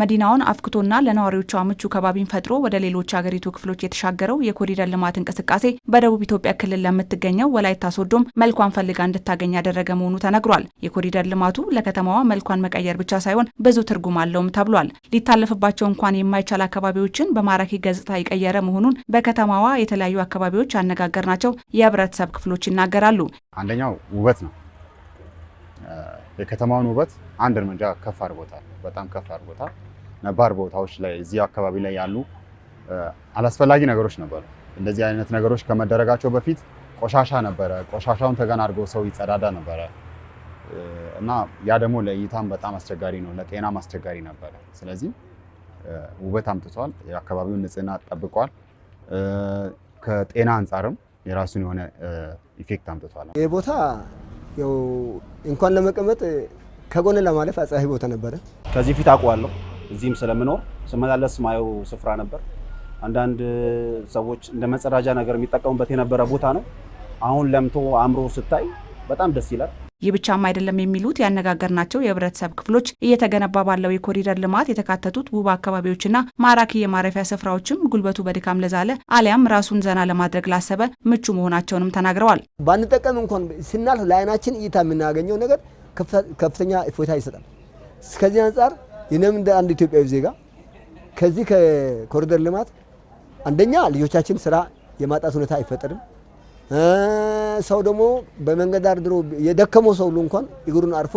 መዲናውን አፍክቶና ለነዋሪዎቿ ምቹ ከባቢን ፈጥሮ ወደ ሌሎች የሀገሪቱ ክፍሎች የተሻገረው የኮሪደር ልማት እንቅስቃሴ በደቡብ ኢትዮጵያ ክልል ለምትገኘው ወላይታ ሶዶም መልኳን ፈልጋ እንድታገኝ ያደረገ መሆኑ ተነግሯል። የኮሪደር ልማቱ ለከተማዋ መልኳን መቀየር ብቻ ሳይሆን ብዙ ትርጉም አለውም ተብሏል። ሊታለፍባቸው እንኳን የማይቻል አካባቢዎችን በማራኪ ገጽታ የቀየረ መሆኑን በከተማዋ የተለያዩ አካባቢዎች ያነጋገርናቸው የህብረተሰብ ክፍሎች ይናገራሉ። አንደኛው ውበት ነው። የከተማውን ውበት አንድ እርምጃ ከፍ አድርጎታል። በጣም ከፍ አድርጎታል። ነባር ቦታዎች ላይ እዚህ አካባቢ ላይ ያሉ አላስፈላጊ ነገሮች ነበሩ። እንደዚህ አይነት ነገሮች ከመደረጋቸው በፊት ቆሻሻ ነበረ። ቆሻሻውን ተገን አድርጎ ሰው ይጸዳዳ ነበረ እና ያ ደግሞ ለእይታም በጣም አስቸጋሪ ነው፣ ለጤናም አስቸጋሪ ነበረ። ስለዚህ ውበት አምጥቷል። የአካባቢውን ንጽህና ጠብቋል። ከጤና አንጻርም የራሱን የሆነ ኢፌክት አምጥቷል። ይህ ቦታ ያው እንኳን ለመቀመጥ ከጎን ለማለፍ አጸሐይ ቦታ ነበረ። ከዚህ ፊት አውቀዋለሁ። እዚህም ስለምኖር ስመላለስ ማየው ስፍራ ነበር። አንዳንድ ሰዎች እንደ መጸዳጃ ነገር የሚጠቀሙበት የነበረ ቦታ ነው። አሁን ለምቶ አምሮ ስታይ በጣም ደስ ይላል። ይህ ብቻም አይደለም የሚሉት ያነጋገርናቸው የህብረተሰብ ክፍሎች እየተገነባ ባለው የኮሪደር ልማት የተካተቱት ውብ አካባቢዎችና ማራኪ የማረፊያ ስፍራዎችም ጉልበቱ በድካም ለዛለ አሊያም ራሱን ዘና ለማድረግ ላሰበ ምቹ መሆናቸውንም ተናግረዋል። ባንጠቀም እንኳን ስናልፍ ለአይናችን እይታ የምናገኘው ነገር ከፍተኛ እፎይታ ይሰጣል። እስከዚህ አንጻር ይህንም እንደ አንድ ኢትዮጵያዊ ዜጋ ከዚህ ከኮሪደር ልማት አንደኛ ልጆቻችን ስራ የማጣት ሁኔታ አይፈጠርም። ሰው ደግሞ በመንገድ ዳር ድሮ የደከመው ሰው ሁሉ እንኳን እግሩን አርፎ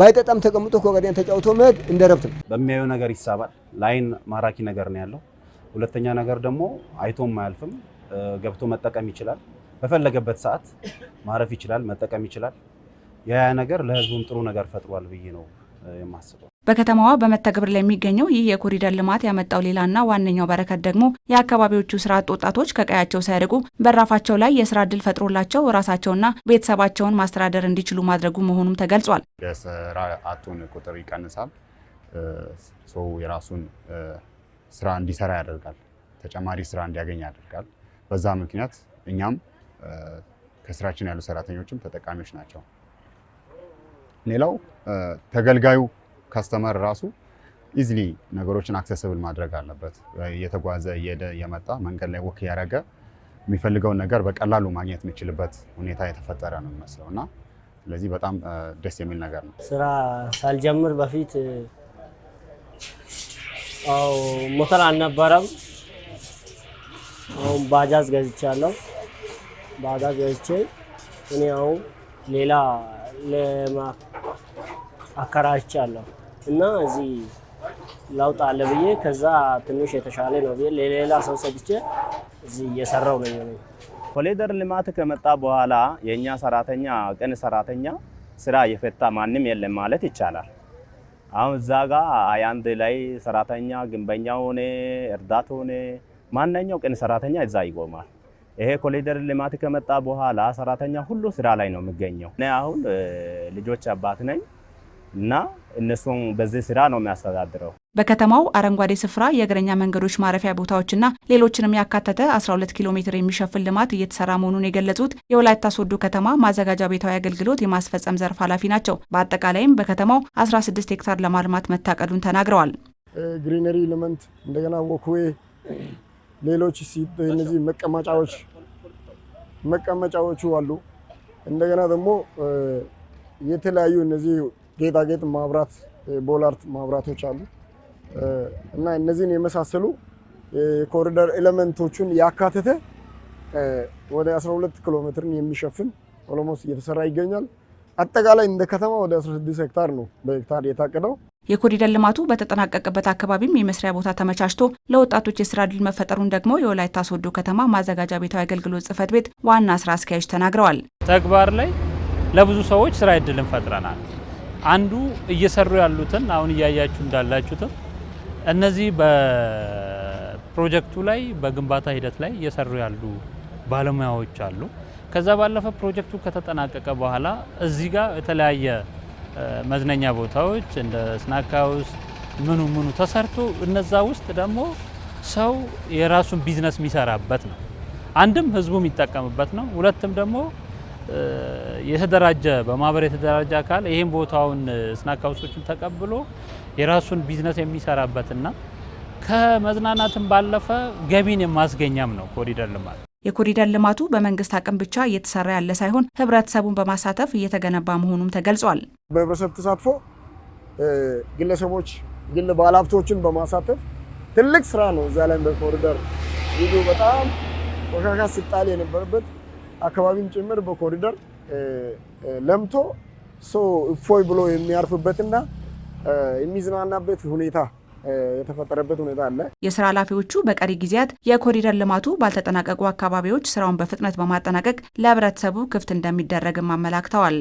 ባይጠጣም ተቀምጦ ከወገዳን ተጫውቶ መሄድ እንደ ረብት ነው። በሚያዩ ነገር ይሳባል። ለአይን ማራኪ ነገር ነው ያለው። ሁለተኛ ነገር ደግሞ አይቶም አያልፍም። ገብቶ መጠቀም ይችላል። በፈለገበት ሰዓት ማረፍ ይችላል፣ መጠቀም ይችላል። ያ ነገር ለህዝቡም ጥሩ ነገር ፈጥሯል ብዬ ነው የማስበው። በከተማዋ በመተግበር ላይ የሚገኘው ይህ የኮሪደር ልማት ያመጣው ሌላና ዋነኛው በረከት ደግሞ የአካባቢዎቹ ስራ አጥ ወጣቶች ከቀያቸው ሳይርቁ በራፋቸው ላይ የስራ እድል ፈጥሮላቸው ራሳቸውና ቤተሰባቸውን ማስተዳደር እንዲችሉ ማድረጉ መሆኑም ተገልጿል። የስራ አጡን ቁጥር ይቀንሳል። ሰው የራሱን ስራ እንዲሰራ ያደርጋል። ተጨማሪ ስራ እንዲያገኝ ያደርጋል። በዛ ምክንያት እኛም ከስራችን ያሉ ሰራተኞችም ተጠቃሚዎች ናቸው። ሌላው ተገልጋዩ ከስተመር ራሱ ኢዝሊ ነገሮችን አክሰስብል ማድረግ አለበት። እየተጓዘ እየሄደ እየመጣ መንገድ ላይ ወክ ያደረገ የሚፈልገውን ነገር በቀላሉ ማግኘት የሚችልበት ሁኔታ የተፈጠረ ነው የሚመስለው እና ስለዚህ በጣም ደስ የሚል ነገር ነው። ስራ ሳልጀምር በፊት ሞተር አልነበረም። አሁን ባጃጅ ገዝቻለሁ። ባጃጅ ገዝቼ እኔ አሁን ሌላ አከራይቻለሁ እና እዚህ ለውጥ አለ ብዬ ከዛ ትንሽ የተሻለ ነው ብዬ ለሌላ ሰው ሰጥቼ እዚህ እየሰራው ነው ነው ኮሪደር ልማት ከመጣ በኋላ የእኛ ሰራተኛ ቀን ሰራተኛ ስራ እየፈታ ማንም የለም ማለት ይቻላል። አሁን እዛ ጋ አንድ ላይ ሰራተኛ ግንበኛ ሆነ እርዳት ሆነ ማንኛው ቀን ሰራተኛ እዛ ይቆማል። ይሄ ኮሊደር ልማት ከመጣ በኋላ ሰራተኛ ሁሉ ስራ ላይ ነው የሚገኘው። እኔ አሁን ልጆች አባት ነኝ። እና እነሱም በዚህ ስራ ነው የሚያስተዳድረው። በከተማው አረንጓዴ ስፍራ፣ የእግረኛ መንገዶች፣ ማረፊያ ቦታዎችና ሌሎችንም ያካተተ 12 ኪሎ ሜትር የሚሸፍን ልማት እየተሰራ መሆኑን የገለጹት የወላይታ ሶዶ ከተማ ማዘጋጃ ቤታዊ አገልግሎት የማስፈጸም ዘርፍ ኃላፊ ናቸው። በአጠቃላይም በከተማው 16 ሄክታር ለማልማት መታቀዱን ተናግረዋል። ግሪነሪ ልመንት፣ እንደገና ወክዌ፣ ሌሎች እነዚህ መቀመጫዎች መቀመጫዎቹ አሉ። እንደገና ደግሞ የተለያዩ እነዚህ ጌጣጌጥ ማብራት፣ ቦላርት ማብራቶች አሉ እና እነዚህን የመሳሰሉ የኮሪደር ኤሌመንቶቹን ያካተተ ወደ 12 ኪሎ ሜትርን የሚሸፍን ኦሎሞስ እየተሰራ ይገኛል። አጠቃላይ እንደ ከተማ ወደ 16 ሄክታር ነው በሄክታር የታቀደው። የኮሪደር ልማቱ በተጠናቀቀበት አካባቢም የመስሪያ ቦታ ተመቻችቶ ለወጣቶች የስራ እድል መፈጠሩን ደግሞ የወላይታ ሶዶ ከተማ ማዘጋጃ ቤታዊ አገልግሎት ጽህፈት ቤት ዋና ስራ አስኪያጅ ተናግረዋል። ተግባር ላይ ለብዙ ሰዎች ስራ እድልን ፈጥረናል። አንዱ እየሰሩ ያሉትን አሁን እያያችሁ እንዳላችሁትም እነዚህ በፕሮጀክቱ ላይ በግንባታ ሂደት ላይ እየሰሩ ያሉ ባለሙያዎች አሉ። ከዛ ባለፈ ፕሮጀክቱ ከተጠናቀቀ በኋላ እዚህ ጋር የተለያየ መዝናኛ ቦታዎች እንደ ስናክ ሃውስ ምኑ ምኑ ተሰርቶ እነዛ ውስጥ ደግሞ ሰው የራሱን ቢዝነስ የሚሰራበት ነው። አንድም ህዝቡ የሚጠቀምበት ነው። ሁለትም ደግሞ የተደራጀ በማህበር የተደራጀ አካል ይህም ቦታውን ስናክ ሀውሶችን ተቀብሎ የራሱን ቢዝነስ የሚሰራበትና ከመዝናናትም ባለፈ ገቢን የማስገኛም ነው ኮሪደር ልማት። የኮሪደር ልማቱ በመንግስት አቅም ብቻ እየተሰራ ያለ ሳይሆን ህብረተሰቡን በማሳተፍ እየተገነባ መሆኑም ተገልጿል። በህብረተሰብ ተሳትፎ ግለሰቦች፣ ግል ባለሀብቶችን በማሳተፍ ትልቅ ስራ ነው። እዛ ላይ በኮሪደር በጣም ቆሻሻ ሲጣል የነበረበት አካባቢም ጭምር በኮሪደር ለምቶ ሰው እፎይ ብሎ የሚያርፍበትና የሚዝናናበት ሁኔታ የተፈጠረበት ሁኔታ አለ። የስራ ኃላፊዎቹ በቀሪ ጊዜያት የኮሪደር ልማቱ ባልተጠናቀቁ አካባቢዎች ስራውን በፍጥነት በማጠናቀቅ ለህብረተሰቡ ክፍት እንደሚደረግም አመላክተዋል።